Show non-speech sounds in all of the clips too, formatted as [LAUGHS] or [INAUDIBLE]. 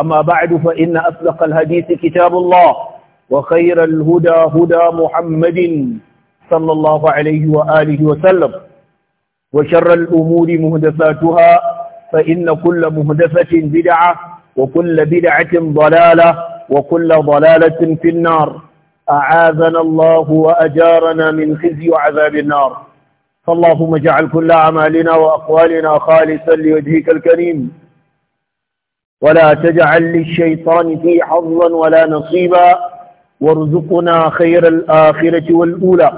أما بعد فإن أصدق الحديث كتاب الله وخير الهدى هدى محمد صلى الله عليه وآله وسلم وشر الأمور مهدفاتها فإن كل مهدفة بدعة وكل بدعة ضلالة وكل ضلالة في النار أعاذنا الله وأجارنا من خزي وعذاب النار فاللهم اجعل كل أعمالنا وأقوالنا خالصا لوجهك الكريم ولا تجعل للشيطان في حظا ولا نصيبا وارزقنا خير الآخرة والأولى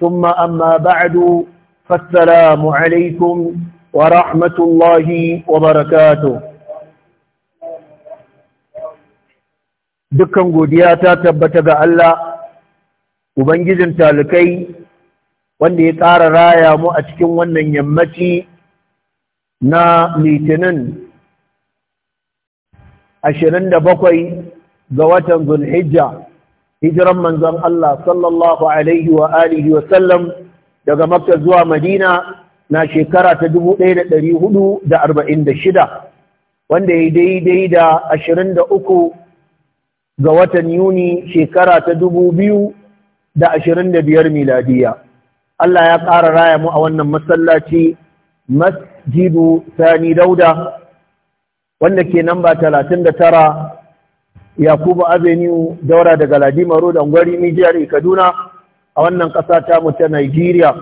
ثم أما بعد فالسلام عليكم ورحمة الله وبركاته dukkan godiya ta tabbata ga Allah ubangijin talikai wanda ya ƙara raya mu a cikin wannan yammaci na litinin ashirin da bakwai ga watan zulhijja hijiran manzon Allah sallallahu alaihi wa alihi wa sallam daga makka zuwa madina na shekara ta dubu ɗaya da ɗari hudu da arba'in da shida wanda ya daidai da ashirin da uku ga watan yuni shekara ta dubu biyu da ashirin da biyar miladiya Allah ya ƙara raya mu a wannan masallaci masjidu sani dauda wanda ke namba Talatin da Tara, Yakubu Avenue daura daga Ladima Road Angwari Nijiyar Kaduna a wannan ƙasa ta mu ta Nigeria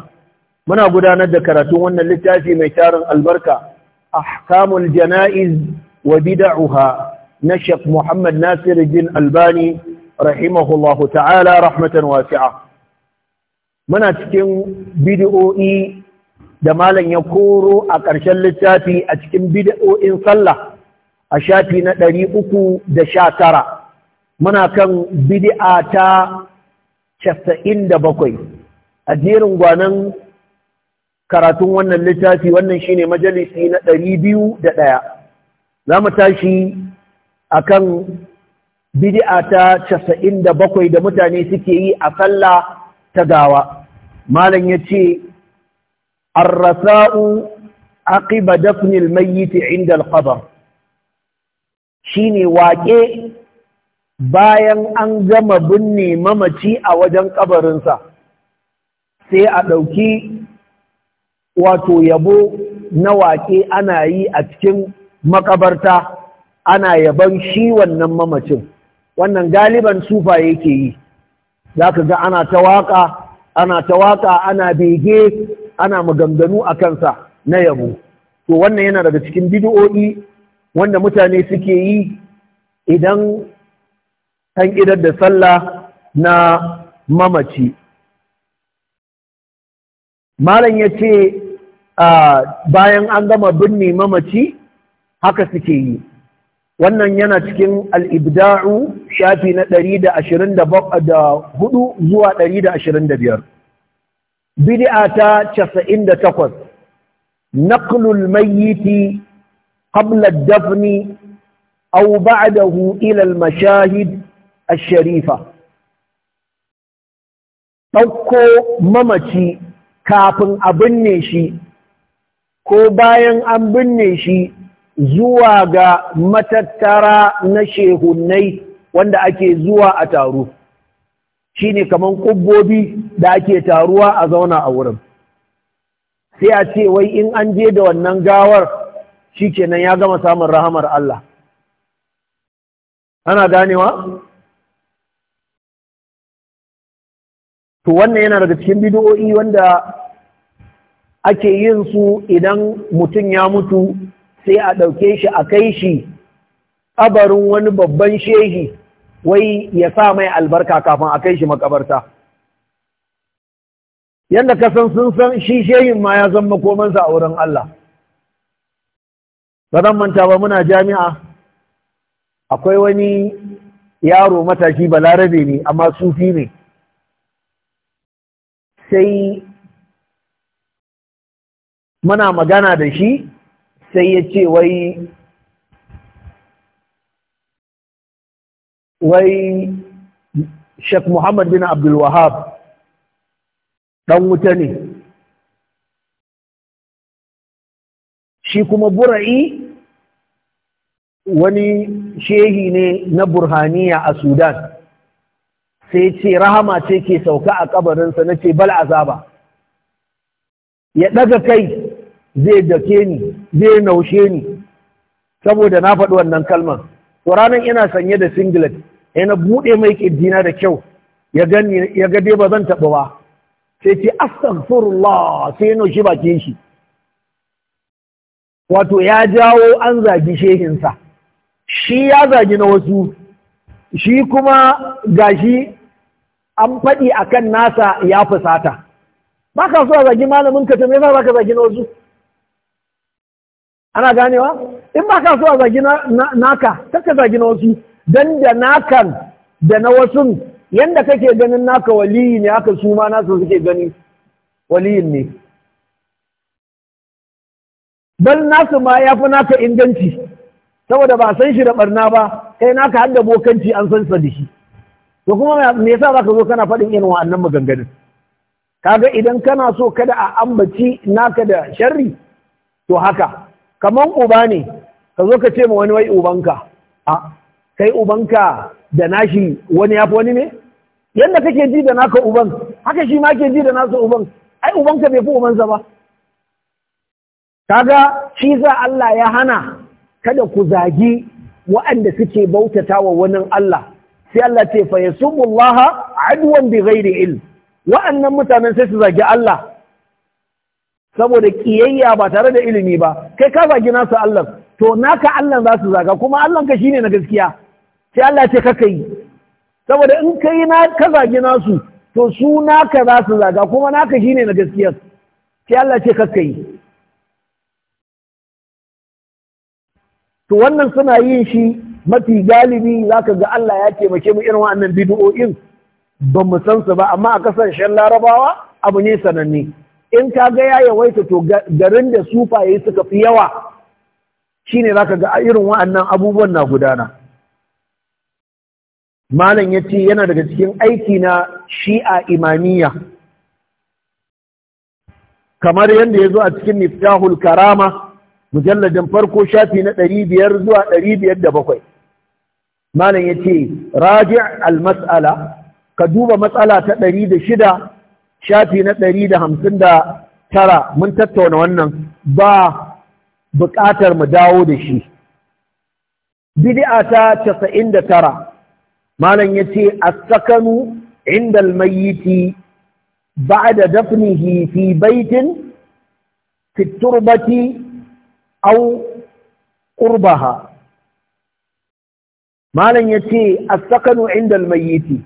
muna gudanar da karatun wannan littafi mai tarin albarka ahkamul janaiz wa bid'uha na Sheikh Muhammad Nasir bin Albani rahimahullahu ta'ala rahmatan wasi'a muna cikin bid'o'i da malam ya koro a ƙarshen littafi a cikin bid'o'in sallah a shafi na ɗari uku da sha tara muna kan bid'a ta casa'in da bakwai a jerin gwanan karatun wannan littafi wannan shine majalisi na ɗari biyu da ɗaya za mu tashi a kan bid'a ta casa'in da bakwai da mutane suke yi a sallah ta gawa malam ya ce arrasa'u aqiba dafnil mayyiti inda alƙabar. Shi ne waƙe bayan an gama binne mamaci a wajen ƙabarinsa sai a ɗauki wato yabo na waƙe ana yi a cikin makabarta ana yaban shi wannan mamacin wannan galiban sufa yake yi za ka ga ana ta waƙa ana ta waƙa ana bege ana maganganu a kansa na yabo to wannan yana daga cikin bidiyo'i wanda mutane suke yi idan an idar da sallah na mamaci malam ya ce bayan an gama binne mamaci haka suke yi wannan yana cikin al'ibda'u shafi na hudu zuwa 125 Bidi'a ta 98 naklul mayyiti قبل الدفن أو بعده إلى المشاهد الشريفة ɗauko mamaci kafin a binne shi ko bayan an binne shi zuwa ga matattara na shehunnai wanda ake zuwa a taro shi ne kamar ƙubbobi da ake taruwa a zauna a wurin sai a ce wai in an je da wannan gawar shi kenan ya gama samun rahamar Allah ana ganewa to wannan yana daga cikin bidiyo'i wanda ake yin su idan mutum ya mutu sai a ɗauke shi a kai shi ƙabarin wani babban shehi wai ya sa mai albarka kafin a kai shi makabarta yadda kasan sun san shi shehin ma ya zama komansa a wurin Allah ba zan manta ba muna jami'a akwai wani yaro matashi balarabe ne amma sufi ne sai muna magana da shi sai ya ce wai wai Sheikh Muhammad bin Abdul Wahab dan wuta ne shi kuma bura'i wani shehi ne na burhaniya a sudan sai ce rahama ce ke sauka a kabarinsa na ce bal azaba ya ɗaga kai zai dake ni zai naushe ni saboda na faɗi wannan kalmar to ranar ina sanye da singlet yana buɗe mai ƙirjina da kyau ya gani ba zan taɓa ba sai ce astaghfirullah sai ya naushe bakin shi wato ya jawo an zagi shehinsa shi ya zagi na wasu shi kuma gashi an faɗi kan nasa ya fusata ba ka so a zagi malamin ka to me za ka zagi na wasu ana ganewa in ba ka so a zagi naka ta ka zagi na wasu dan da nakan da na wasu yadda kake ganin naka waliyi ne haka su ma nasu suke gani waliyin ne bal nasu ma ya fi naka inganci saboda ba san shi da barna ba kai naka hadda bokanci an san sa da shi to kuma me yasa zaka zo kana faɗin irin wa'annan maganganun kaga idan kana so kada a ambaci naka da sharri to haka kaman uba ne ka zo ka ce ma wani wai ubanka a kai ubanka da nashi wani ya fi wani ne yadda kake ji da naka uban haka shi ma ke ji da nasu uban ai ubanka bai fi ubansa ba kaga shi za Allah ya hana kada ku zagi waɗanda suke bautata wa wani Allah sai Allah ce fa Allah adwan bi ghairi ilm wa'annan mutanen sai su zagi Allah saboda kiyayya ba tare da ilimi ba kai ka zagi nasu Allah to naka Allah za su zaga kuma Allah ka shine na gaskiya sai Allah ce kaka yi saboda in kai na ka zagi nasu to su naka za su zaga kuma naka shine na gaskiya sai Allah ce kaka yi to wannan suna yin shi mafi galibi za ka ga Allah ya taimake mu irin wa'annan bid'o'in ba mu san su ba amma a kasashen larabawa abu ne sananne in ka ga ya yawaita to garin da sufa sufaye suka fi yawa shine ka ga irin wa'annan abubuwan na gudana malam ya ce yana daga cikin aiki na shi'a imaniya. kamar yadda ya zo a cikin miftahul karama mujalladin farko shafi na ɗari biyar zuwa ɗari biyar da bakwai malam ya ce raji al-mas'ala ka duba matsala ta ɗari da shida shafi na ɗari da hamsin da tara mun tattauna wannan ba buƙatar mu dawo da shi bid'a ta casa'in da tara malam ya ce as-sakanu inda al-mayyiti ba'da dafnihi fi baitin fi turbati au qurbaha malam yace as-sakanu inda al-mayyiti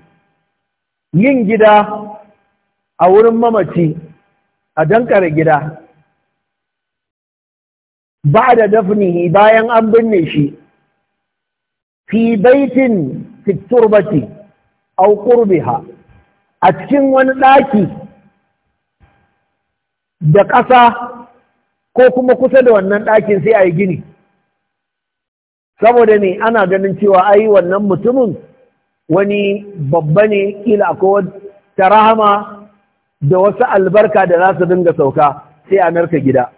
yin gida a wurin mamaci a dankare gida ba da dafnihi bayan an binne shi fi baitin fi turbati au qurbaha a cikin wani daki da ƙasa ko kuma kusa da wannan ɗakin sai a yi gini saboda ne ana ganin cewa ai wannan mutumin wani babba ne ila akwai ta rahama da wasu albarka da za su dinga sauka sai a narka gida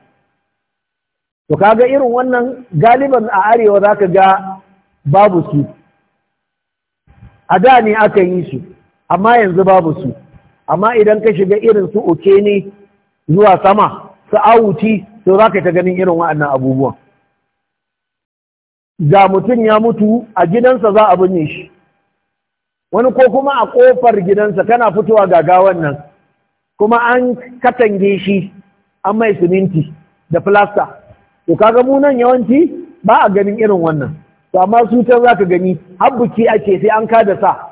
to ga irin wannan galiban a arewa za ka ga babu su a da ne aka yi su amma yanzu babu su amma idan ka shiga irin su uke ne zuwa sama su auti. to za ka ta ganin irin wa'annan abubuwan ga mutum ya mutu a gidansa za a binne shi wani ko kuma a ƙofar gidansa kana fitowa ga gawan nan kuma an katange shi an mai siminti da filasta to kaga mu nan yawanci ba a ganin irin wannan to amma su can za ka gani habbuki ake sai an ka da sa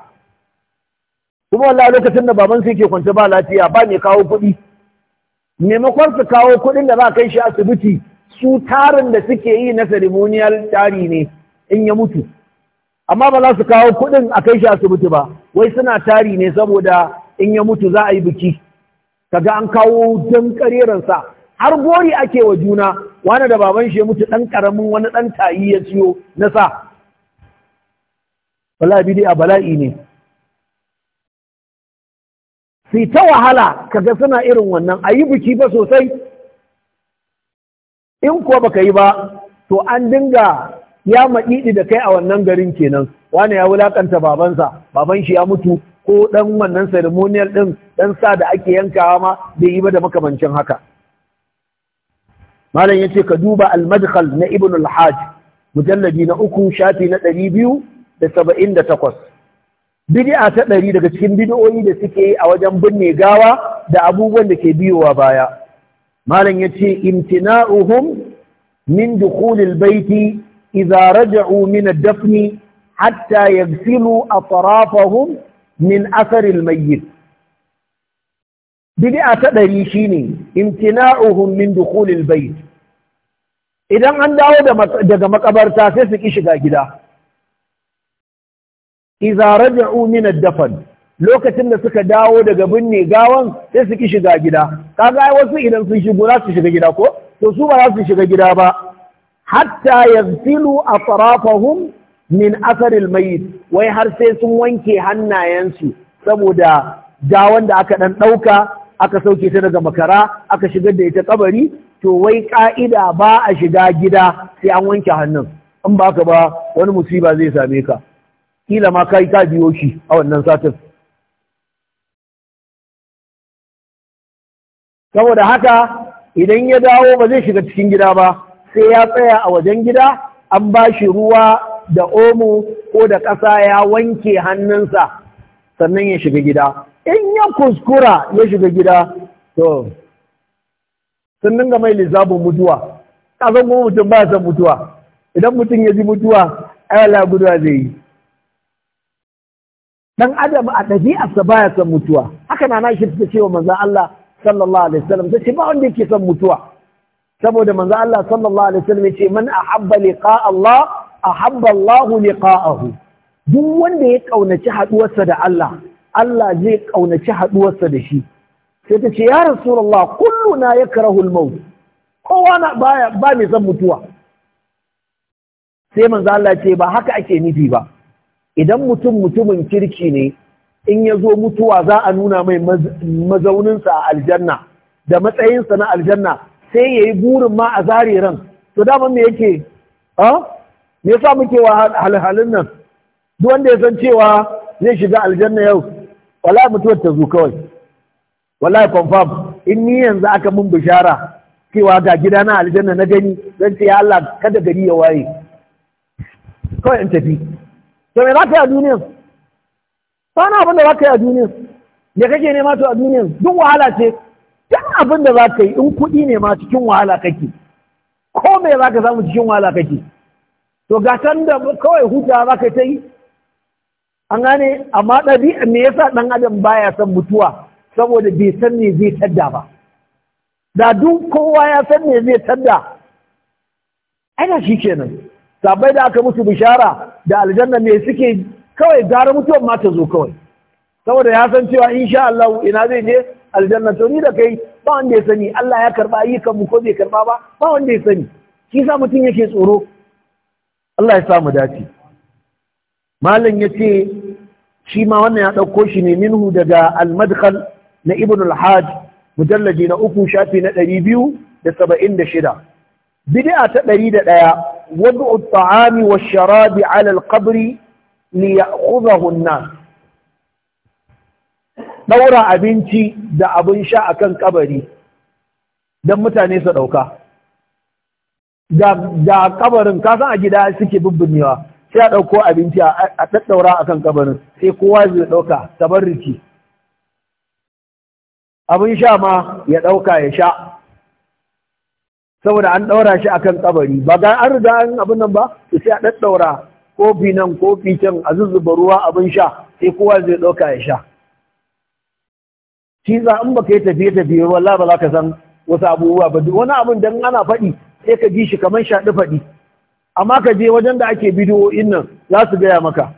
kuma wallahi lokacin da baban sai ke kwance ba lafiya ba ne kawo kuɗi maimakon su kawo kuɗin da za kai shi asibiti su tarin da suke yi na ceremonial tari ne in ya mutu amma ba za su kawo kuɗin a kai shi asibiti ba wai suna tari ne saboda in ya mutu za a yi biki kaga an kawo don sa, har gori ake wa juna wani da baban shi ya mutu ɗan karamin wani ɗan tayi ya ciyo na sa bala bidi a bala'i ne su ta wahala kaga suna irin wannan a yi biki ba sosai in kuwa ka yi ba to an dinga ya maɗiɗi da kai a wannan garin kenan wani ya wulakanta babansa baban shi ya mutu ko ɗan wannan ceremonial ɗin ɗan sa da ake yankawa ma bai yi ba da makamancin haka malam ya ce ka duba almadkhal na ibn haj mujalladi na uku shafi na ɗari biyu da saba'in da takwas bid'a ta ɗari daga cikin bid'o'i da suke yi a wajen binne gawa da abubuwan da ke biyowa baya malam yace imtina'uhum min dukhulil baiti idza raja'u min ad-dafn hatta yaghsilu atrafahum min athar al-mayyit bid'a ta ɗari shine imtina'uhum min dukhulil bait idan an dawo daga makabarta sai su ki shiga gida iza raja'u min ad-dafn lokacin da suka dawo daga binne gawan sai su ki shiga gida kaga wasu idan sun shigo za su shiga gida ko to su ba za su shiga gida ba hatta yaghsilu atrafahum min athar al-mayyit wai har sai sun wanke hannayensu saboda gawan da aka dan dauka aka sauke ta daga makara aka shigar da ita kabari to wai ka'ida ba a shiga gida sai an wanke hannun in ba ka ba wani musiba zai same ka kila ma kai ka biyo shi a wannan satin saboda haka idan ya dawo ba zai shiga cikin gida ba sai ya tsaya a wajen gida an ba shi ruwa da omo ko da ƙasa ya wanke hannunsa sannan ya shiga gida in ya kuskura ya shiga gida to sun dinga mai lissafin mutuwa ƙasan kuma mutum ba san mutuwa idan mutum ya ji mutuwa ai guda zai yi dan adam a ɗabi'arsa baya son mutuwa haka na nashi ta cewa manzon Allah sallallahu alaihi wasallam ta ce ba wanda yake son mutuwa saboda manzon Allah sallallahu alaihi wasallam ya ce man ahabba liqa Allah ahabba Allah liqa'ahu duk wanda ya kaunaci haduwarsa da Allah Allah zai kaunaci haduwarsa da shi sai ta ce ya rasulullah kulluna yakrahu al-maut kowa na baya ba mai son mutuwa sai manzo Allah ce ba haka ake nufi ba idan mutum mutumin kirki ne in ya zo mutuwa za a nuna mai mazauninsa a aljanna da matsayinsa na aljanna sai ya yi burin ma a zare ran to dama me yake a me yasa muke wa halhalin nan duk wanda ya san cewa zai shiga aljanna yau wallahi mutuwar ta zo kawai wallahi confirm in ni yanzu aka mun bishara cewa ga gida na aljanna na gani zan ce ya Allah kada gari ya waye kawai in tafi to me za ka yi a duniyan sana abin da za ka yi a duniyan me kake nema to a duniyan duk wahala ce duk abin da za ka yi in kuɗi ne ma cikin wahala kake ko me za ka samu cikin wahala kake to gatan da kawai huta za ka ta yi an gane amma ɗabi'a me yasa ɗan adam baya son mutuwa saboda bai san me zai tadda ba da duk kowa ya san me zai tadda ana shi kenan sabai da aka musu bishara da aljanna me suke kawai gara mutuwan ma ta zo kawai saboda ya san cewa insha Allah ina zai je aljanna to ni da kai ba wanda ya sani Allah ya karba ayyukan mu ko bai karɓa ba ba wanda ya sani shi sa mutum yake tsoro Allah ya sa mu dace malam yace shi ma wannan ya dauko shi ne minhu daga al-madkhal na ibn al-hajj mujallaji na uku shafi na ɗari biyu da da saba'in shida. Bidi'a ta ɗari da ɗaya. وضع الطعام والشراب ne ya ليأخذه الناس Ɗaura abinci da abin sha a kan kabari don mutane su ɗauka da kabarin kasan a gida suke bubbunewa sai a ɗauko abinci a ɗaɗɗaura a kan kabarin sai kowa zai ɗauka tabarriki abin sha ma ya ɗauka ya sha saboda an ɗaura shi akan kabari ba ga an riga an abin nan ba to sai a ɗaɗɗaura kofi nan kofi can a zuzzuba ruwa abin sha sai kowa zai ɗauka ya sha shi za in baka yi tafiye tafiye wallahi ba za ka san wasu abubuwa ba wani abin dan ana faɗi sai ka ji shi kamar shaɗi faɗi amma ka je wajen da ake bidiyo nan za su gaya maka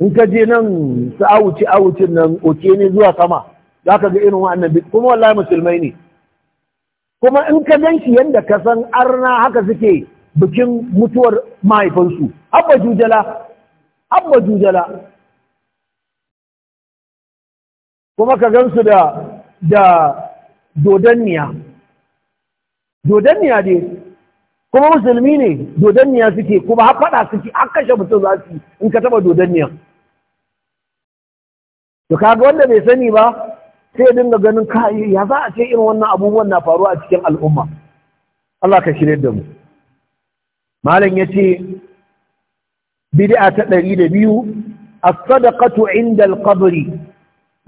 in ka je nan su awucin nan oke ne zuwa sama za ka ga irin wa'annan kuma wallahi musulmai ne kuma in ka gan shi yadda ka san arna haka suke bikin mutuwar mahaifinsu abba jujala abba jujala kuma ka gan su da da dodanniya dodanniya dai kuma musulmi ne dodanniya suke kuma har fada suke an kashe mutum za su in ka taɓa dodanniya to kaga wanda bai sani ba sai ya dinga ganin kai ya za a ce irin wannan abubuwan na faruwa a cikin al'umma Allah ka shirye da mu malam yace bid'a ta 102 as-sadaqatu 'inda al-qabr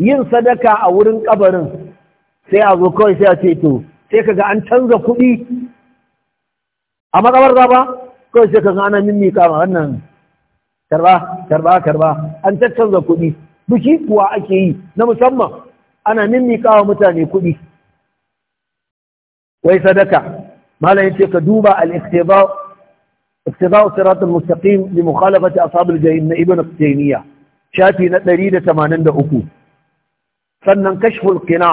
yin sadaka a wurin kabarin sai a zo kawai sai a ce to sai kaga an canza kuɗi a da ba kawai sai kaga ana mimika ma wannan karba karba karba an canza kuɗi biki kuwa ake yi na musamman ana mimmiƙa wa mutane kuɗi wai sadaka malam yace ka duba al-iqtiba iqtiba sirat al-mustaqim li mukhalafati ashab al-jahim na ibn taymiya shafi na 183 sannan kashful qina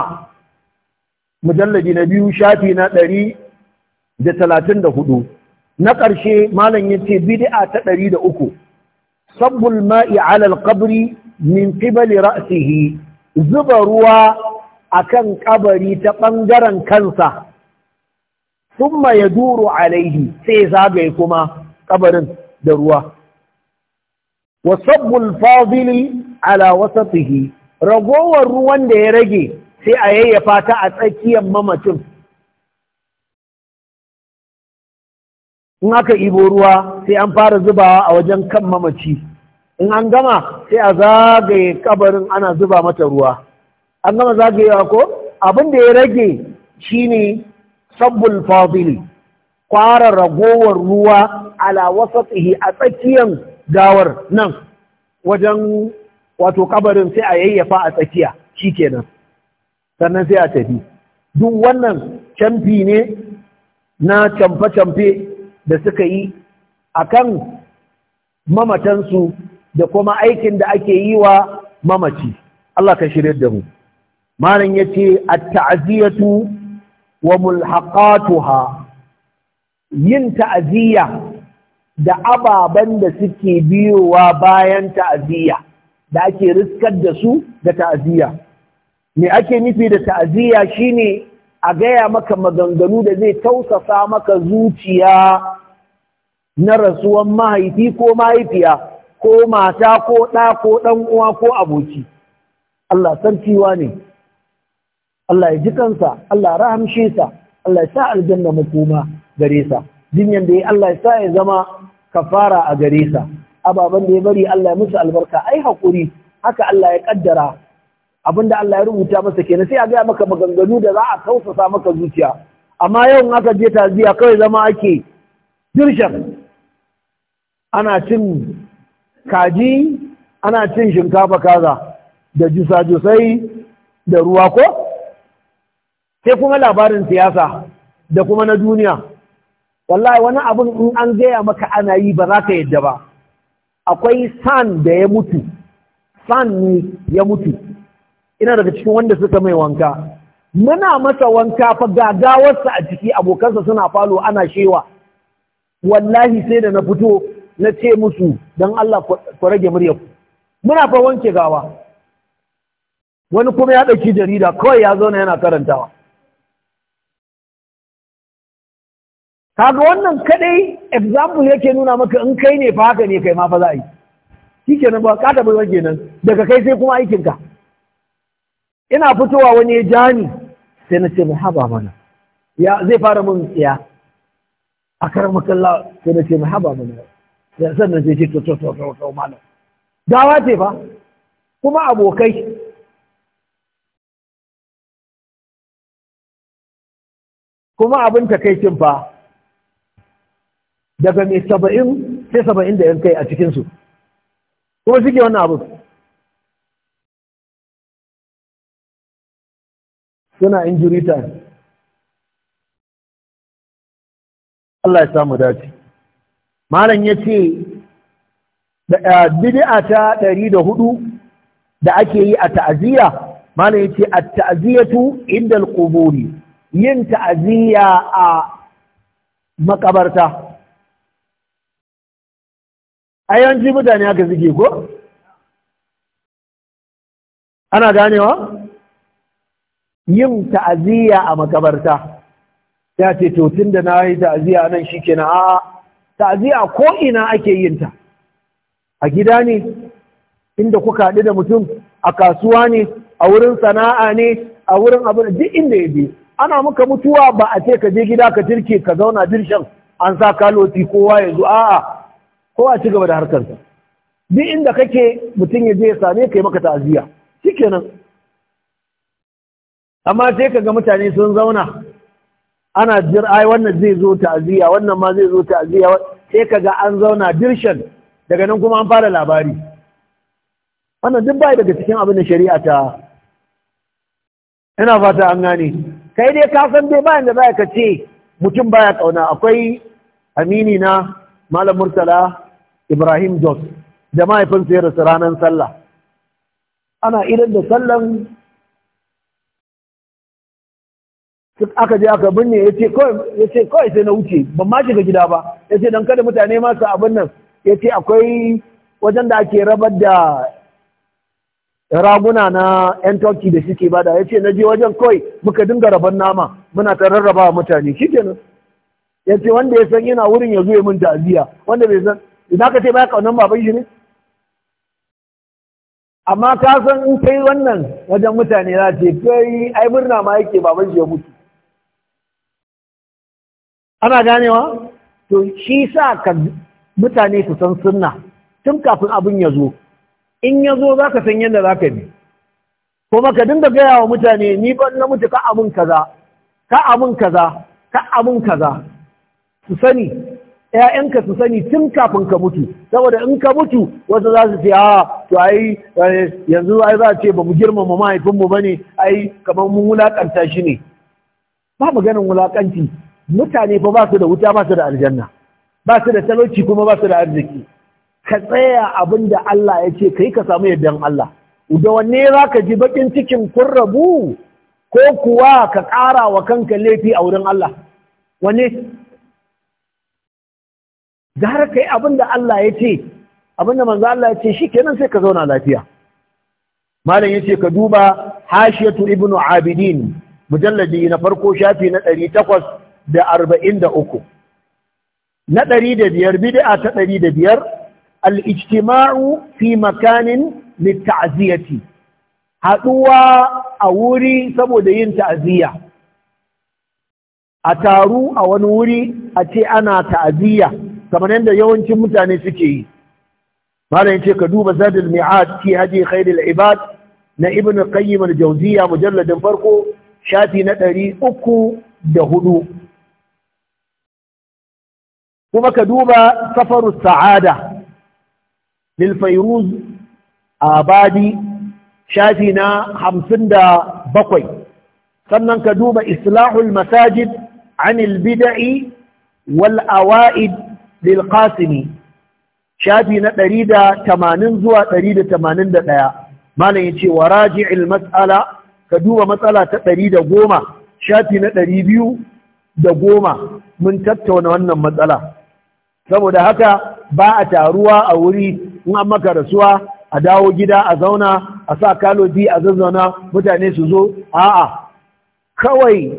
mujalladi na biyu shafi na 134 na ƙarshe malam yace bid'a ta 103 sabbul ma'i 'ala al-qabri min qibali ra'sihi zuba ruwa a kan ƙabari ta ɓangaren kansa summa ya duru alaihi sai zagaye kuma ƙabarin da ruwa wasabbul fadili ala wasatihi ragowar ruwan da ya rage sai a yayyafa ta a tsakiyar mamacin in aka ibo ruwa sai an fara zubawa a wajen kan mamaci in an gama sai a zagaye kabarin ana zuba mata ruwa an gama zagayewa ko abin da ya rage shine sabbul fadili kwara ragowar ruwa ala wasatihi a tsakiyar gawar nan wajen wato kabarin sai a yayyafa a tsakiya shi shikenan sannan sai a tafi duk wannan camfi ne na camfe-camfe da suka yi a kan mamatansu da kuma aikin da ake yi wa mamaci Allah ka shirye da mu malam yace at-ta'ziyatu wa mulhaqatuha yin ta'ziya da ababan da suke biyowa bayan ta'ziya da ake riskar da su da ta'ziya me ake nufi da ta'ziya shine a gaya maka maganganu da zai tausasa maka zuciya na rasuwan mahaifi ko mahaifiya ko mata ko ɗa ko ɗan uwa ko aboki Allah sarkiwa ne Allah ya ji kansa Allah rahamshe sa Allah ya sa aljanna makoma gare sa jinyan da ya Allah ya sa ya zama kafara a gare sa ababen da ya bari Allah ya musu albarka ai haƙuri. haka Allah ya ƙaddara. Abin da Allah ya rubuta masa kenan sai a gaya maka maganganu da za a tausasa maka zuciya amma yau aka je taziya kawai zama ake dirshan ana cin kaji ana cin shinkafa kaza da jusa-jusai da ruwa ko sai kuma labarin siyasa da kuma na duniya wallahi wani abin in an gaya maka ana yi ba za ka yadda ba akwai san da ya mutu san ne ya mutu ina daga cikin wanda suka mai wanka muna masa wanka fa gagawarsa a ciki abokansa suna falo ana shewa wallahi sai da na fito na ce musu don Allah ku rage murya ku muna fa wanke gawa wani kuma ya ɗauki jarida kawai ya zo na yana karantawa kaga wannan kadai example yake nuna maka in kai ne fa haka ne kai ma fa za a yi nan ba kada wanke nan. daga kai sai kuma aikinka ina fitowa wani ya ja ni sai na ce haba mana ya zai fara mun tsiya a karamakalla sai na ce haba mana da sannan sai ce to to to to malam dawa ce fa kuma abokai kuma abin takaicin fa daga mai saba'in sai saba'in da yan kai a cikinsu kuma suke wannan abu suna injury time Allah ya samu dace malam ya ce bid'a ta ɗari da hudu da ake yi a ta'aziyya malam ya ce a ta'aziyatu inda kuburi yin ta'aziyya a makabarta a mutane aka zige ko ana ganewa yin ta'aziyya a makabarta ya ce to tun da na yi ta'aziyya nan shi kenan a'a ta'ziya ko ina ake yin ta a gida ne inda kuka haɗu da mutum a kasuwa ne a wurin sana'a ne a wurin abin duk inda ya je ana muka mutuwa ba a ce ka je gida ka turke ka zauna dirshan an sa kaloti kowa ya zo a'a kowa ci gaba da harkarsa duk inda kake mutum ya je ya same ka yi maka ta'aziyya shikenan amma sai ka ga mutane sun zauna ana jir ai wannan zai zo ta'aziyya wannan ma zai zo ta'aziyya sai kaga an zauna dirshan daga nan kuma an fara labari wannan duk bai daga cikin abin da shari'a ta ina fata an gane kai dai ka san dai bayan da za ka ce mutum baya kauna akwai amini na malam murtala ibrahim jos da mahaifinsa ya rasu ranar sallah ana idan da sallan aka je aka binne ya ce kawai sai na wuce ban ma shiga gida ba ya ce don kada mutane masu abin nan ya ce akwai wajen da ake rabar da raguna na 'yan turkey da suke bada ya ce na je wajen kawai muka dinga rabar nama muna ta rarraba mutane shi kenan ya ce wanda ya san yana wurin ya zo ya min ta'aziyya wanda bai san idan ka ce baya kaunan baban shi ne amma ka san in kai wannan wajen mutane za ce kai ai murna ma yake baban shi ya mutu ana ganewa to shi sa ka mutane su san sunna tun kafin abin ya zo in ya zo za ka san yadda za ka bi Ko ka dinga gaya wa mutane ni ban na mutu ka abin kaza ka abin kaza ka abin kaza su sani ‘ya'yanka su sani tun kafin ka mutu saboda in ka mutu wasu za su ce a to ai eh, yanzu ai za a ce ba mu girmama mahaifinmu ba ne ai kamar mun wulaƙanta shi ne ba maganin wulaƙanci mutane fa ba su da wuta ba su da aljanna ba su da talauci kuma ba su da arziki ka tsaya abin da Allah ya ce kai ka samu yardan Allah da wanne za ka ji bakin cikin kun rabu ko kuwa ka ƙara wa kanka laifi a wurin Allah wanne da har kai abin da Allah ya ce abin da manzo Allah ya ce shi nan sai ka zauna lafiya malam yace ka duba hashiyatu ibnu abidin mujalladi na farko shafi na ɗari takwas. da arba'in da uku na ɗari da biyar bid'a ta ɗari da biyar al'ijtima'u fi makanin litta'aziyati haɗuwa a wuri saboda yin ta'aziyya a taru a wani wuri a ce ana ta'aziyya kamar yadda yawancin mutane suke yi malam ce ka duba zadul mi'ad fi haji khairul ibad na ibn qayyim al-jawziyya mujalladin farko shafi na ɗari uku da hudu kuma ka duba safaru sa'ada lil fayruz abadi shafi na hamsin da bakwai sannan ka duba islahul masajid anil bida'i wal awa'id lil qasimi shafi na ɗari da tamanin zuwa ɗari da tamanin da ɗaya malam ya ce wa raji'il mas'ala ka duba matsala ta ɗari da goma shafi na ɗari biyu da goma mun tattauna wannan matsala saboda haka ba a taruwa a wuri in an maka rasuwa a dawo gida a zauna a sa kalobi a zazzauna mutane su zo a'a kawai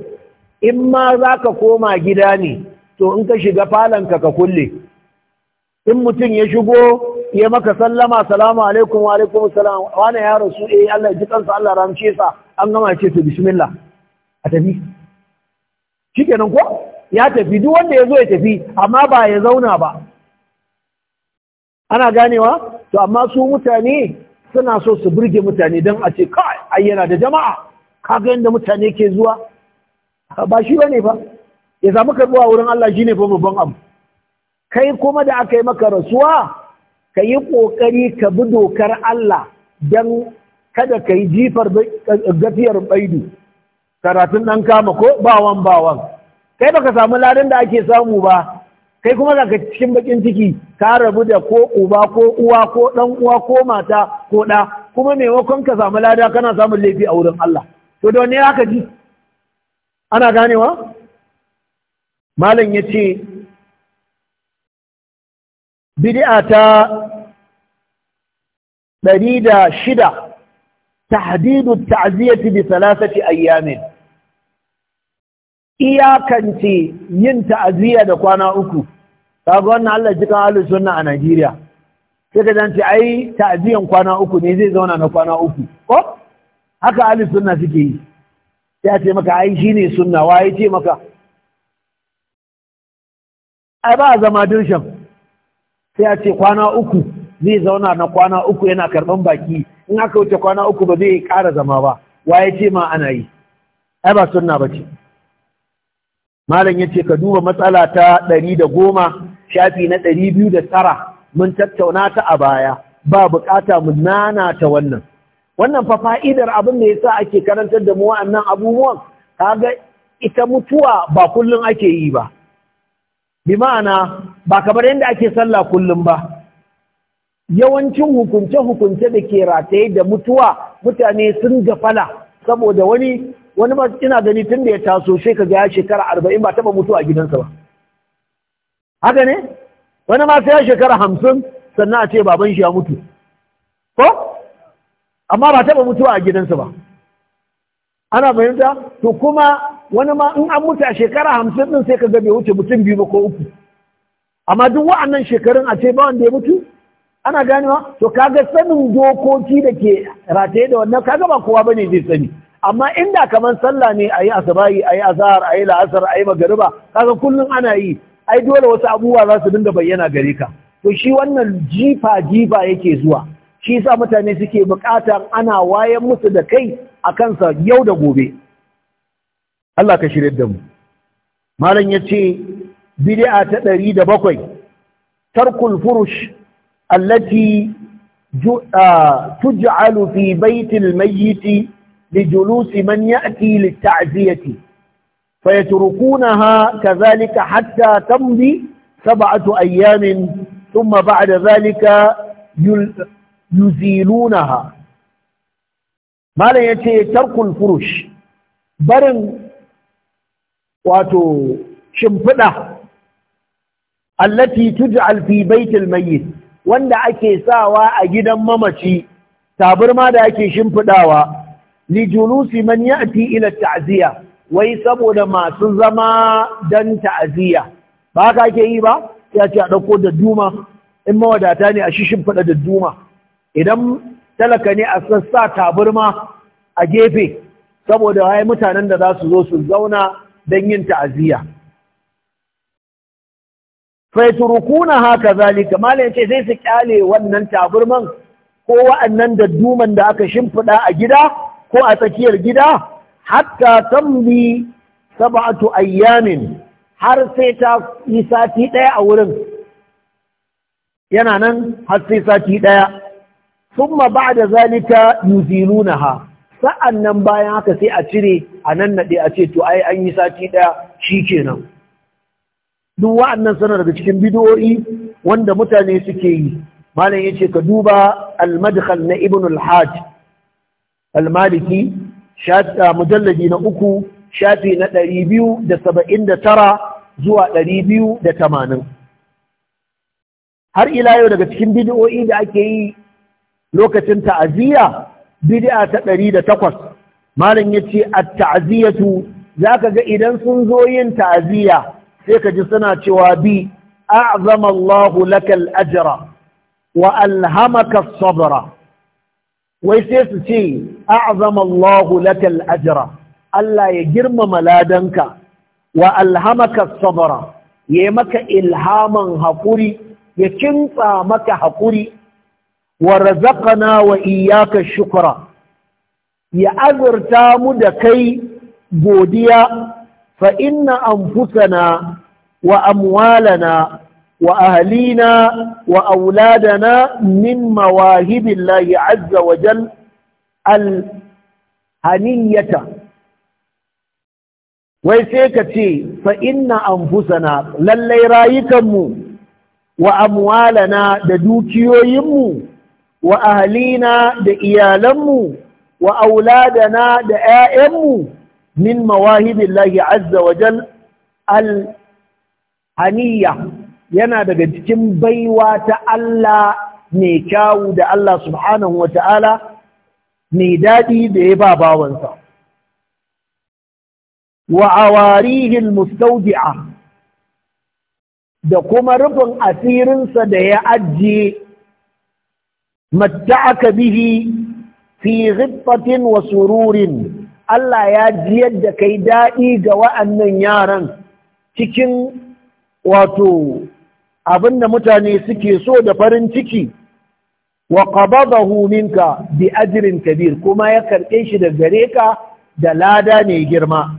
in ma za ka koma gida ne to in ka shiga falon ka kulle in mutum ya shigo ya maka sallama salamu alaikum wa alaikum salam wani ya rasu eh Allah ji kansa Allah ramce sa an gama ce to bismillah a tafi shikenan ko ya tafi duk wanda ya zo ya tafi amma ba ya zauna ba ana ganewa to amma su mutane suna so su burge mutane don a ce kai ayyana da jama'a kaga yadda mutane ke zuwa ba shi ba ne ba ya samu karbuwa wurin Allah shine fa babban abu kai kuma da aka yi maka rasuwa ka yi ƙoƙari ka bi dokar Allah don kada ka yi jifar gafiyar baidu karatun ɗan kama ko bawan bawan kai baka samu ladan da ake samu ba kai kuma daga cikin bakin ciki ka rabu da ko uba ko uwa ko dan uwa ko mata ko da kuma maimakon ka samu lada kana samun laifi a wurin Allah to da ne haka ji ana ganewa malam yace bid'a ta ɗari da shida tahdidu ta'ziyati bi thalathati ayyamin iyakance yin ta'aziyya da kwana uku kaga wannan Allah cikin ahlus sunna a Najeriya sai ka dace ai ta'aziyyan kwana uku ne zai zauna na kwana uku ko haka ahlus sunna suke yi sai a ce maka ai shine sunna waye ce maka ai ba zama dirshan sai a ce kwana uku zai zauna na kwana uku yana karban baki in aka wuce kwana uku ba zai ƙara zama ba waye ce ma ana yi ai ba sunna ba ce malam ya ce ka duba matsala ta ɗari da goma shafi na ɗari biyu da tara mun tattauna ta a baya ba bukata mu nana ta wannan wannan fa fa'idar abin da yasa ake karantar da mu wa'annan abubuwan kaga ita mutuwa ba kullun ake yi ba bi ma'ana ba kamar yadda ake sallah kullum ba yawancin hukunce-hukunce da ke rataye da mutuwa mutane sun gafala saboda wani wani ba ina gani tun da ya taso sai ka ga ya shekara arba'in ba taɓa mutuwa a gidansa ba haka ne wani ma sai ya shekara hamsin sannan a ce baban shi ya mutu ko amma ba taɓa mutuwa a gidansa ba ana fahimta to kuma wani ma in an mutu a shekara hamsin din sai ka ga bai wuce mutum biyu ba ko uku amma duk wa'annan shekarun a ce ba wanda ya mutu ana ganewa to kaga sanin dokoki da ke rataye da wannan kaga ba kowa bane zai sani amma inda kamar sallah ne a yi ayi a yi azahar a yi la'asar a yi magariba kaga kullum ana yi ai dole wasu abubuwa za su dinga bayyana gare ka to shi wannan jifa jifa yake zuwa shi yasa mutane suke bukatar ana wayan musu da kai a kansa yau da gobe Allah ka shirya da mu malam yace bid'a ta ɗari da bakwai, tarkul furush allati ah, tuj'alu fi baitil mayyiti لجلوس من يأتي للتعزية فيتركونها كذلك حتى تمضي سبعة أيام ثم بعد ذلك يزيلونها ما لا يتي ترك الفرش برن واتو شمفدة التي تجعل في بيت الميت wanda ake sawa a gidan mamaci tabarma اكي ake shimfidawa li julusi man ya'ti ila ta'ziya wai saboda masu zama dan ta'ziya ba ka ke yi ba ya ce a dauko da duma in mawadata ne a shishin fada da duma idan talaka ne a sassa taburma a gefe saboda wai mutanen da za su zo su zauna don yin ta'aziyya. Faiturukuna haka zalika, malin ce sai su kyale wannan taburman ko wa'annan dadduman da aka shimfiɗa a gida ko a tsakiyar gida hatta tamli sab'atu ayyamin har sai ta yi sati ɗaya a wurin yana nan har sai sati ɗaya summa ba'da zalika yuzilunaha sa'an nan bayan haka sai a cire a nan naɗe a ce to ai an yi sati ɗaya shi kenan duk wa'annan sanar daga cikin bidiyoyi wanda mutane suke yi malam yace ka duba al-madkhal na ibn al-hajj al-maliki ah, mujalladi na uku shafi na ɗari biyu da saba'in da tara zuwa ɗari biyu da tamanin har ila yau daga cikin bidiyo'i da ake yi lokacin ta'aziyya bidi'a ta ɗari da takwas malam ya ce a ta'aziyyatu za ka ga idan sun zo yin ta'aziyya sai ka ji suna cewa bi a'zama Allahu lakal ajra wa alhamaka sabra wai sai su ce a'zamallahu Allahu lakal ajra Allah ya girmama ladanka wa alhamaka sabra ya maka ilhaman hakuri ya kintsa maka hakuri wa razaqana wa iyyaka shukra ya azurta mu da kai godiya fa inna anfusana wa amwalana وأهلينا وأولادنا من مواهب الله عز وجل الهنية ويسيكتي فإن أنفسنا للي رايكم وأموالنا دوكيويم وأهلينا دإيالم وأولادنا دآئم من مواهب الله عز وجل الهنية yana daga cikin baiwa ta Allah mai kyawu da Allah subhanahu wa ta'ala mai daɗi da ya ba bawansa. Wa awarihin mustaudi'a da kuma rufin asirinsa da ya ajiye matta aka bihi fi rufatin wa sururin Allah ya jiyar da kai daɗi ga wa'annan yaran cikin wato abinda mutane suke so da farin ciki wa qabadahu minka bi ajrin kabir kuma ya karɓe shi da gare ka da lada ne girma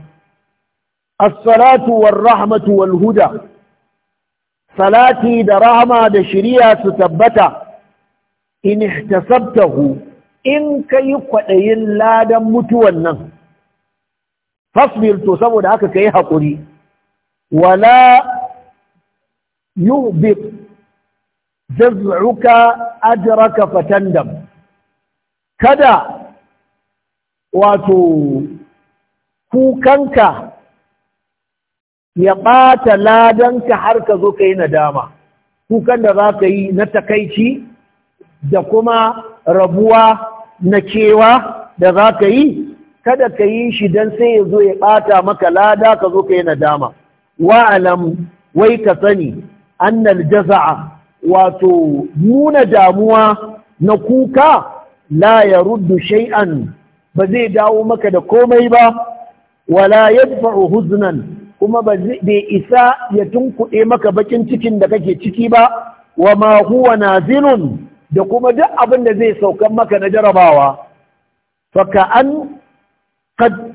as-salatu war rahmatu wal huda salati da rahma da shiriya su tabbata in ihtasabtahu in kai kwaɗayin ladan mutuwan nan fasbir to saboda haka kai haƙuri wala yubit jaz'uka ajraka fatandam kada wato kukanka ya ɓata ladanka har ka yi nadama kukan da za ka yi na takaici da kuma rabuwa na kewa da za ka yi kada ka yi shi don sai ya zo ya ɓata maka lada ka zo yi nadama wa'alam wai ka sani annal jaza'a wato nuna damuwa na kuka la ya ruddu shay'an ba zai dawo maka da komai ba wala yadfa'u huznan kuma ba zai isa ya tunkuɗe maka bakin cikin da kake ciki ba wa ma huwa nazilun da kuma duk abin da zai saukan maka na jarabawa fa ka'an qad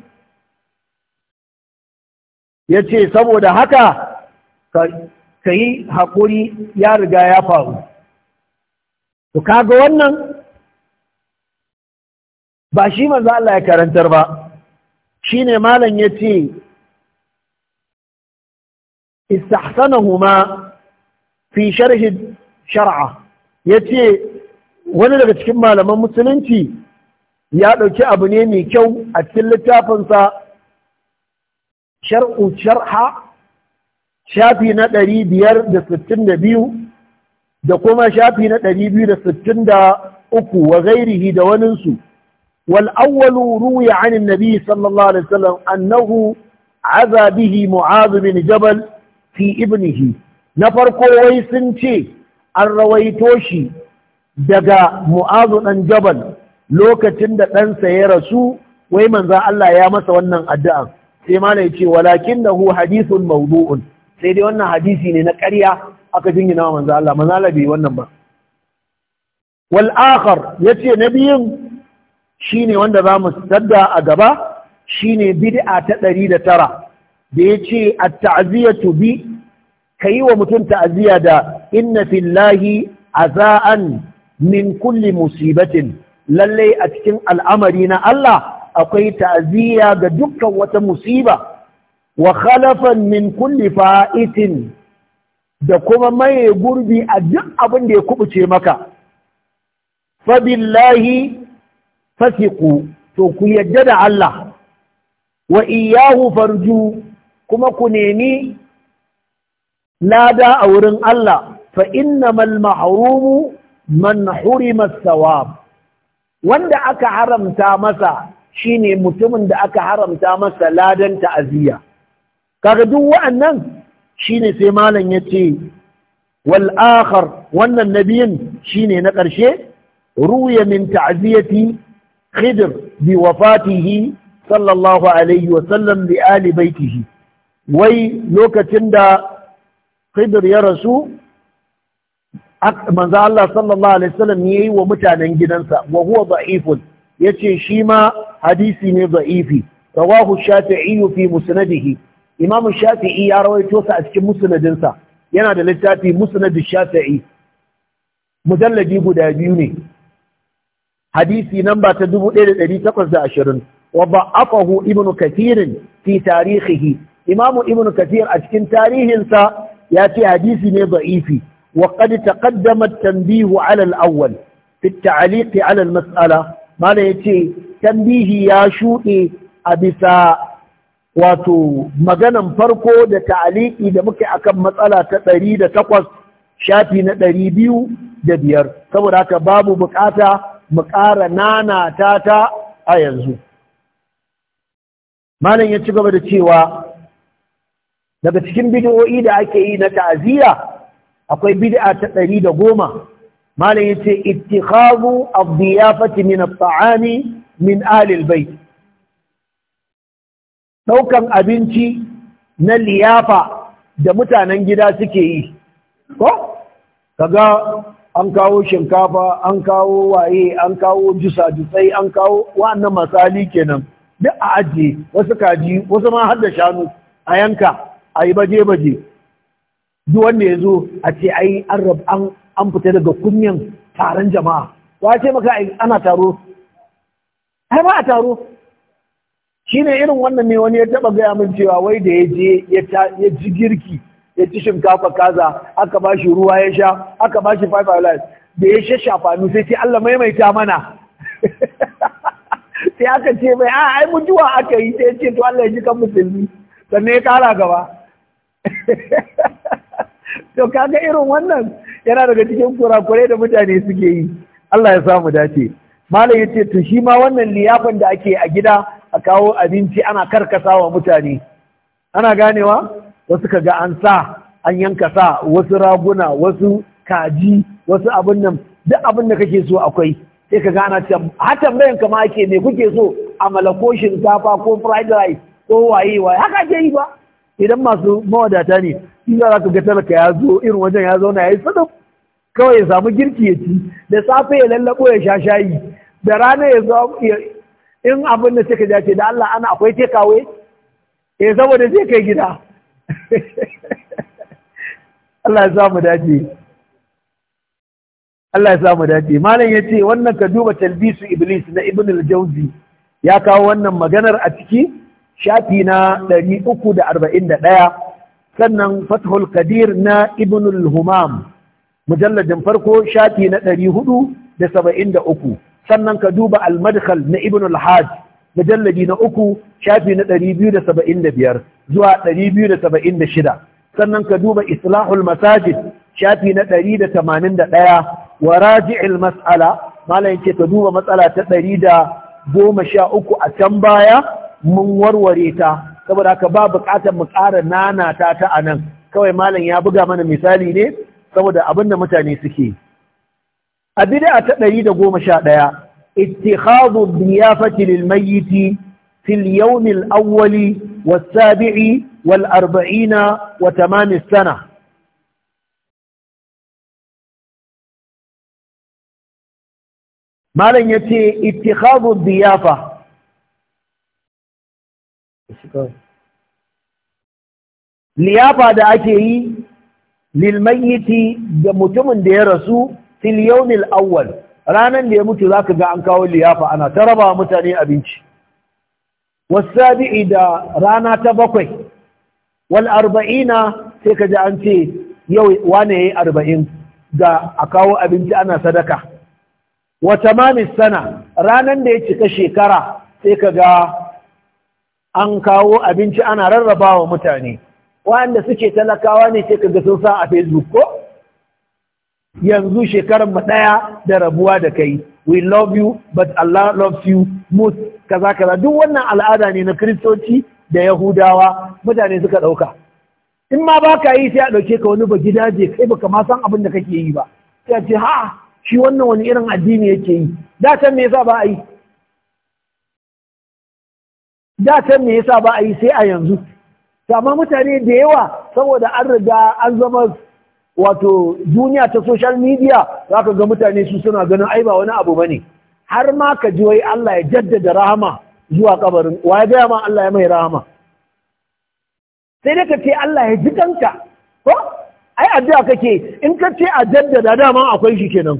yace saboda haka ka yi haƙuri ya riga ya faru to kaga wannan ba shi manzo Allah ya karantar ba Shi shine malam yace huma fi sharhin shar'a ce wani daga cikin malaman musulunci ya ɗauki abu ne mai kyau a cikin littafinsa shar'u sharha shafi na 562 da kuma shafi na 263 wa gairihi da waninsu wal'awwalu ruwa an nabi sallallahu alaihi wasallam annahu azabihi mu'az bin jabal fi ibnihi na farko wai sun ce an rawaito shi daga mu'azu ɗan jabal lokacin da ɗansa ya rasu wai manzo Allah ya masa wannan addu'a sai malai ce walakin hadithun mawdu'un sai dai wannan hadisi ne na ƙarya aka jingina wa manzo Allah manzo Allah bai wannan ba wal akhar yace na biyun shine wanda za mu sadda a gaba shine bid'a ta 109 da yace at-ta'ziyatu bi kayi wa mutum ta'ziya da inna fillahi azaan min kulli musibatin lalle a cikin al'amari na Allah akwai ta'ziya ga dukkan wata musiba wa khalafan min kulli fa'itin da kuma maye gurbi a duk abin da ya kubuce maka fabillahi fasiku to ku yadda da Allah wa iyahu farju kuma ku nemi lada a wurin Allah fa innamal mahrumu man hurima thawab wanda aka haramta masa shine mutumin da aka haramta masa ladan ta'aziyya kaga duk wa'annan shine sai malam yace wal akhar wannan nabiyin shine na ƙarshe ruya min ta'ziyati khidr bi wafatihi sallallahu alaihi wa sallam bi ali baitihi wai lokacin da khidr ya rasu manzo Allah sallallahu alaihi wasallam yayi wa mutanen gidansa wa huwa da'ifun yace shi ma hadisi ne da'ifi rawahu shafi'i fi musnadihi imam shafi'i ya rawaito sa a cikin musnadinsa yana da littafi musnad shafi'i mujalladi guda biyu ne hadisi namba ta 1820 wa da'afahu ibn kathir fi tarihihi imam ibn kathir a cikin tarihinsa ya ce hadisi ne da'ifi wa qad taqaddama at-tanbih 'ala al-awwal fi at-ta'liq 'ala al-mas'ala mala yace tanbihi ya shuɗe a bisa wato maganan farko da ta'aliki da muke akan matsala ta ɗari da takwas shafi na ɗari biyu da biyar saboda haka babu bukata mu ƙara nana ta ta a yanzu malam ya ci gaba da cewa daga cikin bidiyo'i da ake yi na ta'aziyya akwai bid'a ta ɗari da goma malam ya ce ittikhazu abdiyafati min at-ta'ami min ahli al ɗaukan abinci na liyafa da mutanen gida suke yi ko kaga an kawo shinkafa an kawo waye an kawo jusa-jusai an kawo wa'annan masali kenan duk a ajiye wasu kaji wasu ma har shanu a yanka a yi baje-baje duk wanda ya zo a ce ai an rab an fita daga kunyan taron jama'a wa ce maka ana taro ai ba a taro shine irin wannan ne wani ya taba gaya min cewa wai da ya je ya ji girki ya ci shinkafa kaza aka ba shi ruwa ya sha aka ba shi five alive da ya shashafa ni sai ce Allah maimaita mana [LAUGHS] sai aka ce mai a ah, ai mutuwa aka yi sai ce to Allah ya ji kan musulmi sannan ya kara gaba [LAUGHS] to kaga irin wannan yana daga cikin kurakurai da mutane suke yi Allah ya samu dace malam yace to shi ma wannan liyafan da ake a gida a kawo abinci ana karkasa wa mutane ana ganewa wasu ka ga an sa an yanka sa wasu raguna wasu kaji wasu abin nan duk abin da kake so akwai sai ka gana can har tambayan kama ake me kuke so a ko shinkafa ko fried rice ko waye waye haka ake yi ba idan masu mawadata ne in za ka ga talaka ya zo irin wajen ya zauna ya yi sadau kawai ya samu girki ya ci da safe ya lallabo ya sha shayi da rana ya zo in abin da suka jace da Allah ana akwai tekawe eh, zama saboda zai kai gida [LAUGHS] Allah ya samu dace Allah ya samu dace malam ce wannan ka duba talbisu iblis na ibn al-jawzi ya kawo wannan maganar a ciki shafi na 341 sannan fathul kadir na ibn al-humam mujalladin farko shafi na 473 sannan ka duba al na ibn al-hajj mujalladi na uku shafi na 275 zuwa 276 sannan ka duba islahul masajid shafi na 181 wa raji'il mas'ala malam ce ka duba matsala ta 113 a can baya mun warware ta saboda haka ba bukatar mu ƙara nanata ta anan kawai malam ya buga mana misali ne saboda abinda mutane suke yi a bid'a ta ɗari اتخاذ الضيافة للميت في اليوم الأول والسابع والأربعين وثمان السنة ما لن يتي اتخاذ الضيافة liyafa da للميت yi lilmayiti ga fil awwal ranan da ya mutu zaka ga an kawo liyafa ana ta raba mutane abinci wasabi'i da rana ta bakwai wal arba'ina sai ka ji an ce yau wane yayi arba'in da a kawo abinci ana sadaka Wata tamamis sana ranan da ya cika shekara sai ka ga an kawo abinci ana wa mutane waɗanda suke talakawa ne sai kaga sun sa a facebook ko yanzu shekarar mu daya da rabuwa da kai we love you but Allah loves you most kaza kaza duk wannan al'ada ne na kristoci da yahudawa mutane suka dauka in ma baka yi sai a dauke ka wani ba gidaje kai baka ma san abin da kake yi ba sai a ce ha shi wannan wani irin addini yake yi da can me yasa ba a yi da can me yasa ba a yi sai a yanzu amma mutane da yawa saboda an riga an zama wato duniya ta social media za ka ga mutane su suna ganin ai ba wani abu bane har ma ka ji wai Allah ya jaddada rahama zuwa kabarin wa ya gaya ma Allah ya mai rahama sai dai ka ce Allah ya ji kanka ko ai addu'a kake in ka ce a jaddada dama akwai shi kenan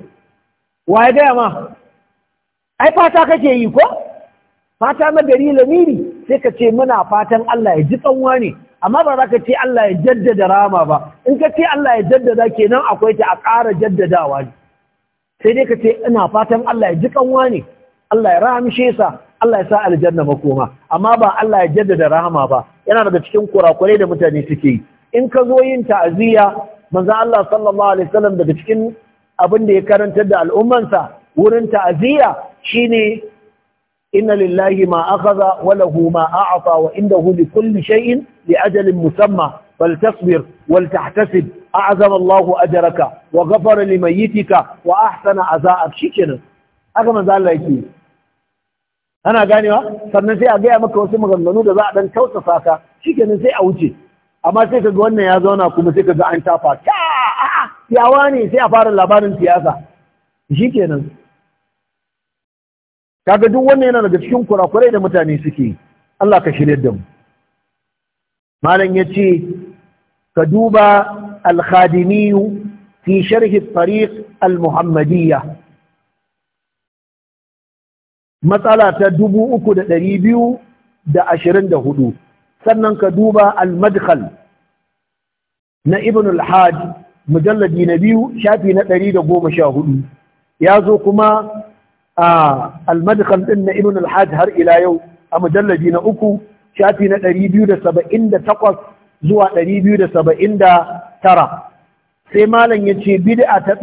wa ya gaya ma ai fata kake yi ko fata ma gari lamiri sai ka ce muna fatan Allah ya ji tsanwa ne amma ba za ka ce Allah ya jaddada rama ba in ka ce Allah ya jaddada kenan akwai ta a ƙara jaddadawa ne sai dai ka ce ina fatan Allah ya ji tsanwa ne Allah ya rahamshe sa Allah ya sa aljanna makoma amma ba Allah ya jaddada rama ba yana daga cikin kurakurai da mutane suke yi in ka zo yin ta'aziyya manzo Allah sallallahu alaihi wasallam daga cikin abin da ya karantar da al'ummansa wurin ta'aziyya shine إن لله ما أخذ وله ما أعطى وإنه لكل شيء لأجل مسمى فلتصبر ولتحتسب أعظم الله أجرك وغفر لميتك وأحسن عزاءك شكرا أخي من ذلك يقول أنا أقاني صرنا سيئة أقيا مكة وسيئة مغلنود ذا أدن كوسة فاكا شكرا سيئة أوجي أما سيئة قولنا يا زونا كما سيئة زعين تافا يا واني سيئة فارن لابان انتياسا شكرا kaga duk wannan yana daga cikin kurakurai da mutane suke Allah ka shirya da mu malam ce ka duba al-khadimi fi sharhi at-tariq al-muhammadiyya matsala ta hudu sannan ka duba al-madkhal na ibn al mujalladi na biyu shafi na da goma sha hudu ya zo kuma a almadkhal din na ibn al-hajj har ila yau a mujallabi na uku shafi na 278 zuwa 279 sai malam ya ce bid'a ta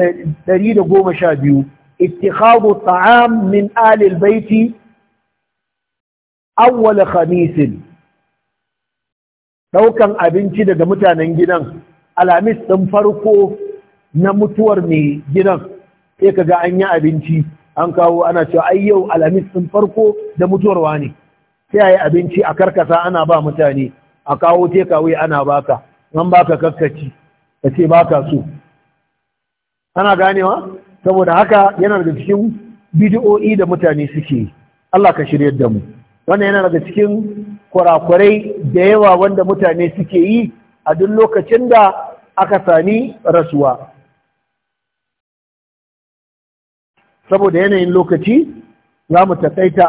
112 ittikhadu ta'am min ahli al-baiti awwal khamis daukan abinci daga mutanen gidan alamis din farko na mutuwar mai gidan sai kaga an yi abinci an kawo ana cewa ai yau alhamis in farko da mutuwarwa ne sai ayi abinci a karkasa ana ba mutane a kawo tekawai ana baka an baka kakkaci ka ce baka so ana ganewa saboda haka yana daga cikin bidiyo'i da mutane suke Allah ka shirya da mu wannan yana daga cikin kurakurai da yawa wanda mutane suke yi a duk lokacin da aka sami rasuwa saboda yanayin lokaci za mu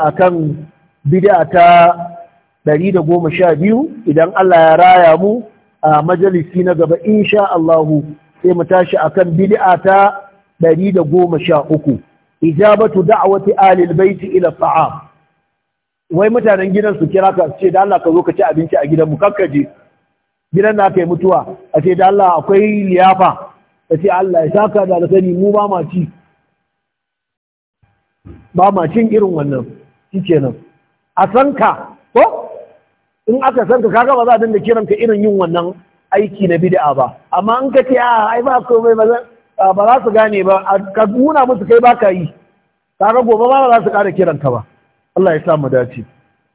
a kan bid'a ta biyu, idan Allah ya raya mu a majalisi na gaba insha Allahu sai mu tashi a kan bid'a ta uku. ijabatu da'wati alil baiti ila ta'am wai mutanen gidan su kira ka ce da Allah ka zo ka ci abinci a gidan mu kakkaje gidan na kai mutuwa a ce da Allah akwai liyafa a ce Allah ya saka da alkhairi mu ba ma ci ba ma irin wannan shi kenan a san ka ko in aka san ka kaga ba za a dinga kiran ka irin yin wannan aiki na bid'a ba amma in ka ce a ah, ai ba ko ba ah, ba za su gane ba ka nuna musu kai ba ka yi kaga gobe ba za su kara kiran ka ba Allah ya sa mu dace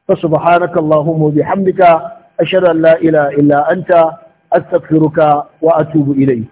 fa subhanaka allahumma bihamdika ashhadu an la ilaha illa anta astaghfiruka wa atubu ilayk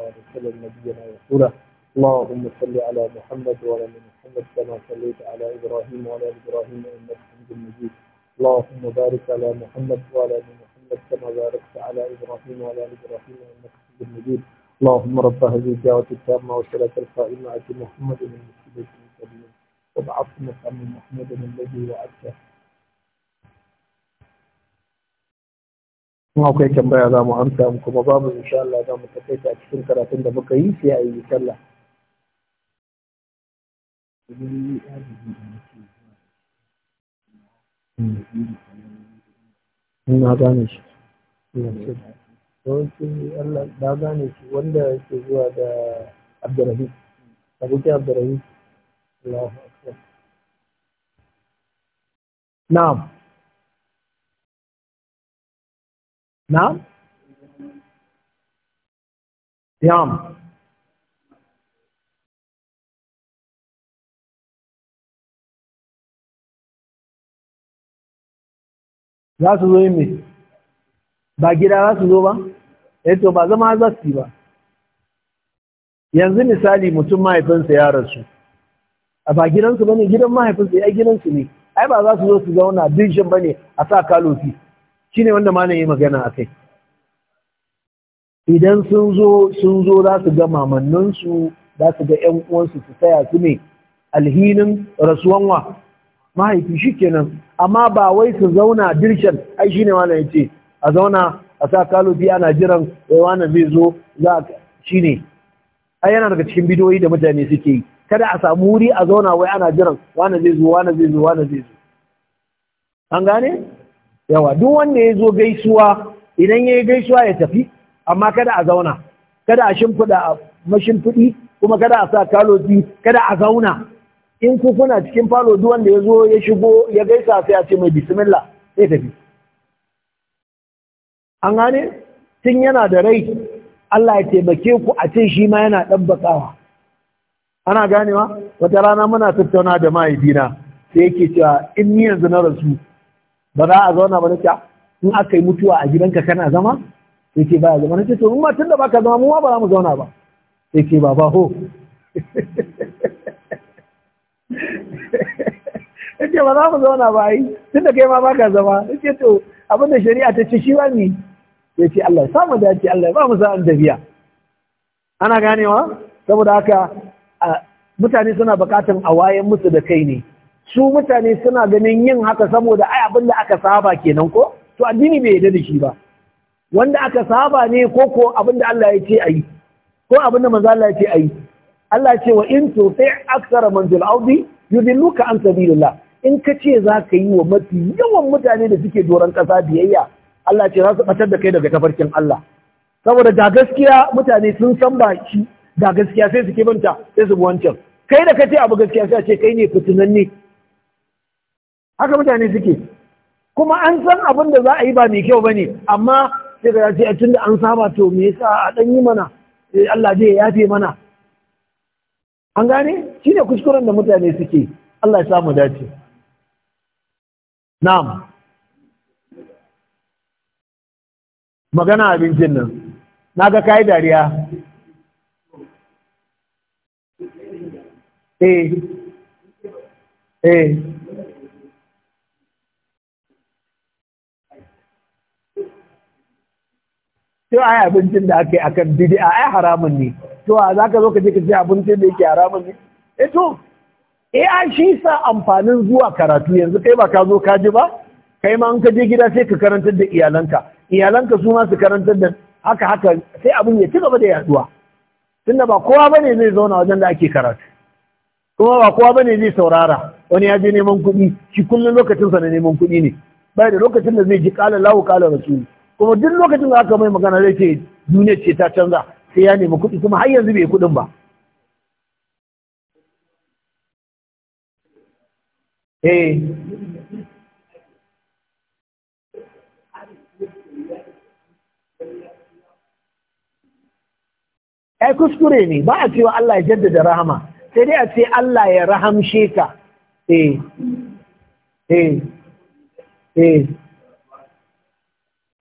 الله عليه وسلم نبينا ورسوله اللهم صل على محمد وعلى ال محمد كما صليت على ابراهيم وعلى ال ابراهيم انك حميد مجيد اللهم بارك على محمد وعلى ال محمد كما باركت على ابراهيم وعلى ال ابراهيم انك حميد مجيد اللهم رب هذه الدعوه التامه والصلاه القائمه على محمد من المسجد الكريم وابعث عن محمد الذي وعدته Kuma akwai tambaya za mu amsa mu kuma babu insha Allah za mu tafi a cikin karatun da muka yi sai a yi sallah na gane shi yawanci Allah na gane shi wanda yake zuwa da Abdurrahim abokin Abdurrahim Allahu Akbar na'am نعم نعم za su zo yin mai ba gida za su zo ba to ba zama za su yi ba yanzu misali mutum mahaifinsa ya rasu a ba gidansu ba ne gidan mahaifinsa ya gidansu ne ai ba za su zo su zauna dinshin ba ne a sa kalofi Shi ne wanda malam yi magana a kai. idan sun zo sun zo za su ga mamanninsu za su ga ‘yan uwansu su tsaya su ne alhinin rasuwanwa, mahaifi shi kenan amma ba wai su zauna dirshan ai shi ne shine ya ce a zauna a sa kalofi ana jiran wai wannan zai zo za shi ne. ai yana daga cikin bidoyi da mutane suke yi kada a samu wuri a zauna wai ana jiran wannan zai zo wannan zai zo wannan zai zo an gane yawa duk wanda ya zo gaisuwa idan ya yi gaisuwa ya tafi amma kada a zauna kada a shimfiɗa a mashimfiɗi kuma kada a sa kaloti kada a zauna in ku kuna cikin falo duk wanda ya zo ya shigo ya gaisa sai a ce mai bismillah sai tafi an gane tun yana da rai Allah ya taimake ku a ce shi ma yana ɗabbakawa ana ganewa wata rana muna tattauna da mahaifina sai yake cewa in ni yanzu na rasu ba za a zauna ba nake ah, in aka yi mutuwa a gidanka kana zama yake ba ya zama nake to in ma tunda baka zama mu ma ba za mu zauna ba yake ba ba ho yake ba za mu zauna ba ai tunda kai ma baka zama yake to abin da shari'a ta ce shi ba ni yace Allah ya samu dace Allah ba mu an dabiya ana ganewa saboda haka mutane suna bukatan a wayan musu da kai ne su mutane suna ganin yin haka saboda ai abin da aka saba kenan ko to addini bai yarda da shi ba wanda aka saba ne ko ko abin da Allah ya ce ayi ko abin da manzo Allah ya ce ayi Allah ya ce wa in fi aksara man fil ardi yudilluka an sabilillah in ka ce za ka yi wa mafi yawan mutane da suke doron kasa biyayya Allah ya ce za su ɓatar da kai daga tafarkin Allah saboda ga gaskiya mutane sun san ba shi ga gaskiya sai su banta sai su wancan kai da ka ce abu gaskiya sai ce kai ne fitinan ne haka mutane suke kuma an san abin da za a yi ba mai kyau ba ne, amma sai ka ce tun da an saba to me yasa a dan yi mana eh, Allah zai yafe mana an gane Shi ne kuskuren da mutane suke Allah ya samu dace na'am magana abincin nan na ga kayi dariya eh eh to ai abincin da aka yi akan bid'a ai haramun ne to a zaka zo ka je ka ce abincin da yake haramun ne eh to eh AI a shi sa amfanin zuwa karatu yanzu kai ba ka zo ka ji ba kai ma an ka je gida sai ka karantar da iyalanka iyalanka su ma su karantar da haka haka sai abin ya ci gaba da yaduwa tunda ba kowa bane zai zauna wajen da ake karatu kuma ba kowa bane zai saurara wani ya je neman kuɗi shi kullum lokacin sa na neman kuɗi ne bai da lokacin da zai ji kala lahu kala rasulu kuma duk lokacin da aka mai magana zai ce duniya ce ta canza sai ya nemi kuɗi kuma har yanzu bai kuɗin ba eh. ai kuskure ne ba a cewa Allah ya jaddada rahama sai dai a ce Allah ya rahamshe ka eh eh eh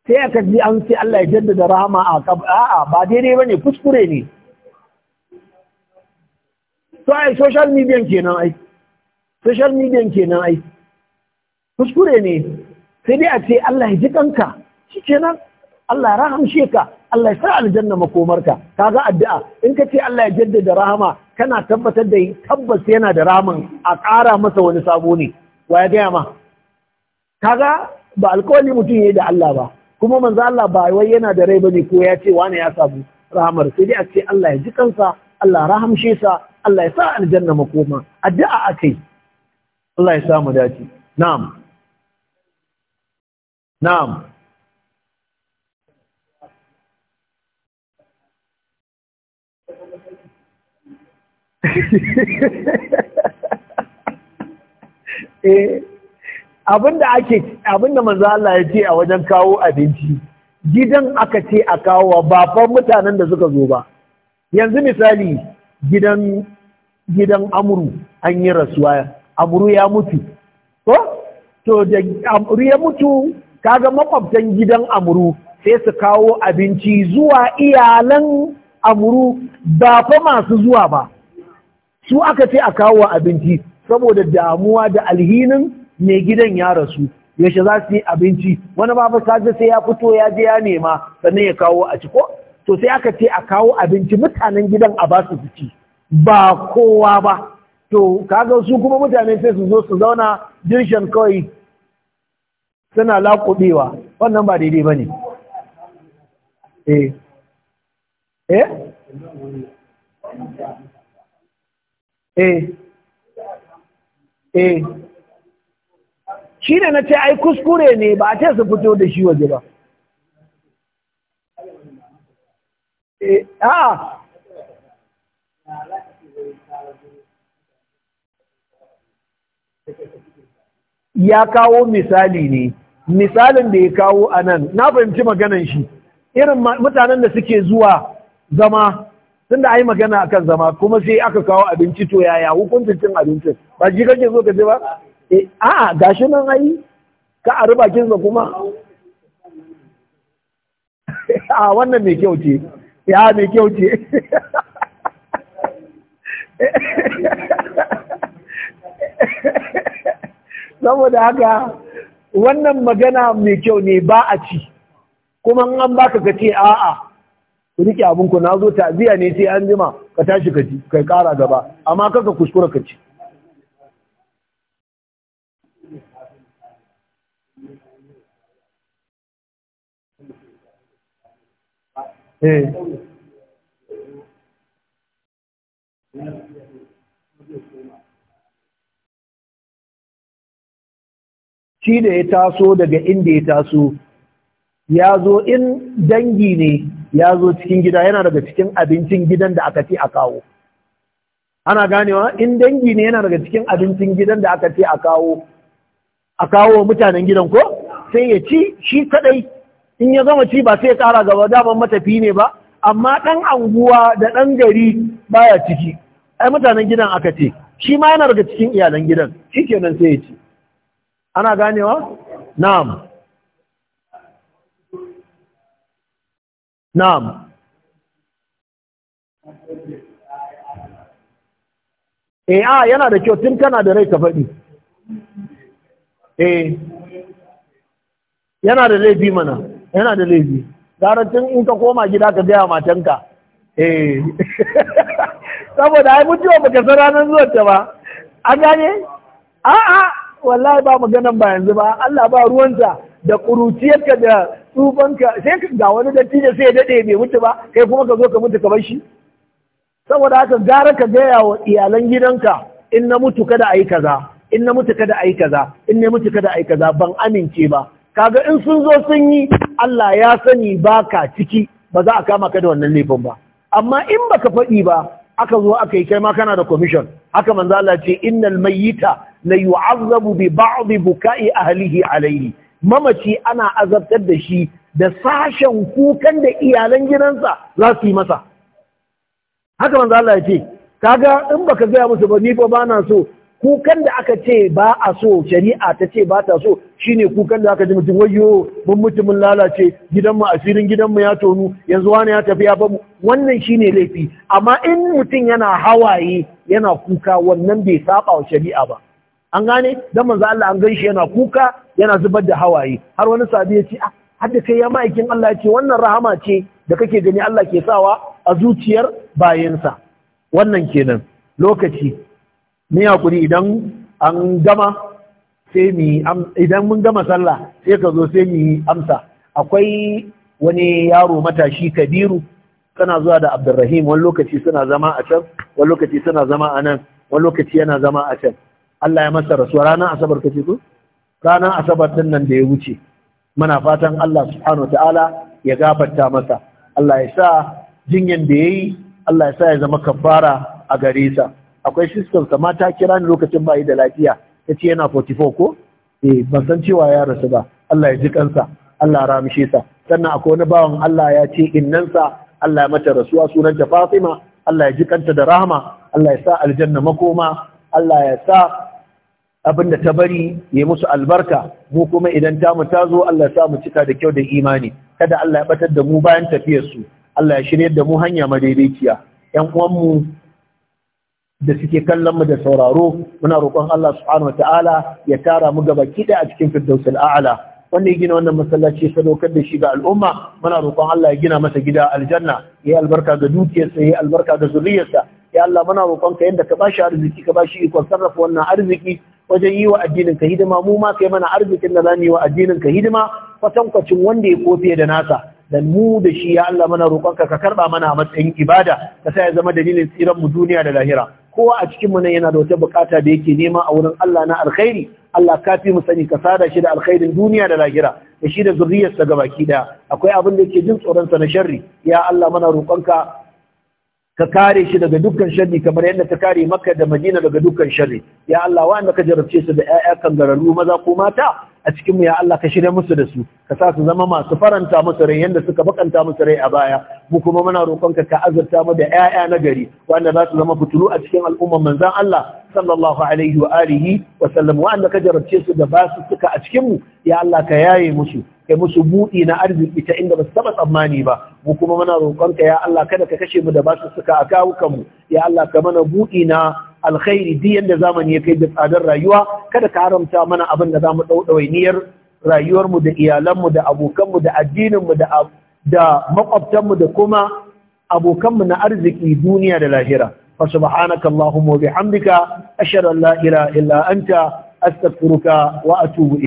sai aka ji an sai Allah ya jaddada rahama a a'a ba daidai bane kuskure ne to ai social media kenan ai social media kenan ai kuskure ne sai dai a ce Allah ya ji kanka shikenan Allah ya rahamshe ka Allah ya sa aljanna makomarka kaga addu'a in ka ce Allah ya jaddada rahama kana tabbatar da tabbas yana da rahaman a ƙara masa wani sabo ne wa ya gaya ma kaga ba alkawali mutum ya yi da Allah ba kuma manzo Allah ba wai yana da rai bane ko ya ce wani ya samu rahmar sai dai a ce Allah ya ji kansa Allah rahamshe sa Allah ya sa aljanna makoma addu'a akai Allah ya sa mu dace na'am na'am [LAUGHS] eh abinda ake abinda manzo Allah ya ce a wajen kawo abinci gidan aka ce a kawo ba fa mutanen da suka zo ba yanzu misali gidan gidan amuru an yi rasuwa amuru ya mutu ko to da amuru ya mutu kaga makwabtan gidan amuru sai su kawo abinci zuwa iyalan amuru ba fa masu zuwa ba su aka ce a kawo abinci saboda damuwa da alhinin mai gidan ya rasu yaushe za su yi abinci wani babu kaji sai ya fito ya je ya nema sannan ya kawo a ciko. to sai aka ce a kawo abinci mutanen gidan a ba su fici ba kowa ba to kaga su kuma mutane sai su zo su zauna dirshan kawai suna laƙuɗewa wannan ba daidai ba ne eh eh eh eh shi ne na ce ai kuskure ne ba a ce su fito da shi waje ba eh, a ya kawo misali ne misalin da ya kawo a nan na fahimci maganan shi irin mutanen da suke zuwa zama tun da ai magana akan zama kuma sai aka kawo abinci to yaya hukuncin cin abincin ba shi kake zo ka ce ba Eh, a'a gashi nan ai ka a ruba kinsa kuma [LAUGHS] a wannan mai kyau ce ya mai kyau ce [LAUGHS] saboda haka wannan magana mai kyau ne ba a ci kuma an baka ka ce a'a ku rike ku na zo ta'ziya ne sai an jima ka tashi ka ci kai kara gaba amma kaka kuskura ka ci Eh. shi da ya taso daga inda ya taso ya zo in dangi ne ya zo cikin gida yana daga cikin abincin gidan da aka ce a kawo ana ganewa in dangi ne yana daga cikin abincin gidan da aka ce a kawo a kawo mutanen gidan ko sai ya ci shi kadai in ya zama ci ba sai ya ƙara gaba daman matafi ne ba amma ɗan anguwa da ɗan gari baya ciki ai mutanen gidan aka ce shi ma yana daga cikin iyalan gidan shi kenan sai ya ci ana ganewa na'am na'am eh a yana da kyau tun kana da rai ka faɗi eh yana da laifi mana yana da laifi tun in ka koma gida ka gaya matanka eh saboda ai mutuwa baka san ranar zuwa ta ba a gane a'a wallahi ba maganan ba yanzu ba Allah ba ruwanta da ƙuruciyarka da tsufanka sai ga wani da sai ya dade bai mutu ba kai kuma ka zo ka mutu ka bar shi saboda haka gara ka gaya wa iyalan gidanka in na mutu kada a yi kaza in na mutu kada a yi kaza in na mutu kada a yi kaza ban amince ba kaga in sun zo sun yi Allah ya sani ba ka ciki ba za a kama ka da wannan laifin ba amma in baka faɗi ba aka zo aka yi kai ma kana da commission haka manzo Allah ce innal mayyita la yu'azzabu bi ba'd buka'i ahlihi alayhi mamaci ana azabtar da shi da sashen kukan da iyalan gidansa za su yi masa haka manzo Allah ya ce kaga in baka gaya musu ba ni ba bana so kukan da aka ce ba a so shari'a ta ce ba ta so shine kukan da aka ji mutum wayo mun mutumin lalace gidanmu, mu asirin gidan mu ya tonu yanzu wani ya tafi ya bamu wannan shine laifi amma in mutum yana hawaye yana kuka wannan bai saba wa shari'a ba an gane dan manzo Allah an ganshi yana kuka yana zubar da hawaye har wani sabi ya ce ah da kai ya ma'aikin Allah ya ce wannan rahama ce da kake gani Allah ke sawa a zuciyar bayansa wannan kenan lokaci ni hakuri idan an gama sai mi idan mun gama sallah sai ka zo sai mi amsa akwai wani yaro matashi kabiru kana zuwa da abdurrahim wani lokaci suna zama a can wani lokaci suna zama a nan wani lokaci yana zama a can Allah ya masa rasuwa ranar asabar kace ko ranar asabar din nan da ya wuce muna fatan Allah subhanahu ta'ala ya gafarta masa Allah ya sa jinyan da yayi Allah ya sa ya zama kafara a gare sa akwai sistan sa mata kira ni lokacin bayi da lafiya ta ce yana 44 ko eh ban san cewa ya rasu ba Allah ya ji kansa Allah ya ramshe sa sannan akwai wani bawan Allah ya ce innansa Allah ya mata rasuwa sunanta Fatima Allah ya ji kanta da rahama Allah ya sa aljanna makoma Allah ya sa abin da ta bari ya musu albarka mu kuma idan ta ta zo Allah ya sa mu cika da kyau da imani kada Allah ya batar da mu bayan tafiyar su Allah ya shirye da mu hanya madaidaiciya ƴan uwanmu da suke kallon mu da sauraro muna roƙon Allah subhanahu wataala ya tara mu gaba kida a cikin firdausul a'la wanda ya gina wannan masallaci sadaukar da shi ga al'umma muna roƙon Allah ya gina masa gida aljanna ya albarka ga dukiyarsa ya albarka ga zuriyarsa ya Allah muna roƙon ka yanda ka bashi arziki ka bashi ikon sarrafa wannan arziki wajen yi wa addinin ka hidima mu ma kai mana arzikin da zamu yi wa addinin ka hidima kwatankwacin wanda ya kofe da nasa da mu da shi ya Allah mana roƙonka ka karba mana matsayin ibada ka sa ya zama dalilin tsiran mu duniya da lahira kowa a cikin mu nan yana da wata bukata da yake nema a wurin Allah na alkhairi Allah ka fi mu sani ka sada shi da alkhairin duniya da lahira da shi da zuriyarsa gabaki daya akwai abin da yake jin tsoron sa na sharri ya Allah mana roƙonka ka kare shi daga dukkan sharri kamar yadda ka kare Makka da Madina daga dukkan sharri ya Allah wa'anda ka jarabce su da ƴaƴa kangararru maza ko mata a cikinmu ya Allah ka shirya musu da su ka sa su zama masu faranta musu rai yanda suka bakanta musu rai a baya mu kuma muna roƙonka ka azurta mu da 'ya'ya na gari wanda za su zama fitulu a cikin al'umman manzon Allah sallallahu alaihi wa alihi wa sallam wanda ka jarabce su da basu suka a cikinmu ya Allah ka yaye musu kai musu buɗi na arziki ta inda ba su taɓa tsammani ba mu kuma muna roƙonka ya Allah kada ka kashe mu da basu suka a kawukanmu ya Allah ka mana buɗi na alkhairi duk yadda zamani ya kai da tsadar rayuwa kada ka haramta mana abin da zamu ɗauɗauyi niyyar rayuwarmu da iyalanmu da abokanmu da addininmu da da makwabtanmu da kuma abokanmu na arziki duniya da lahira fa subhanaka allahumma wa bihamdika ashhadu an la ilaha illa anta astaghfiruka wa atubu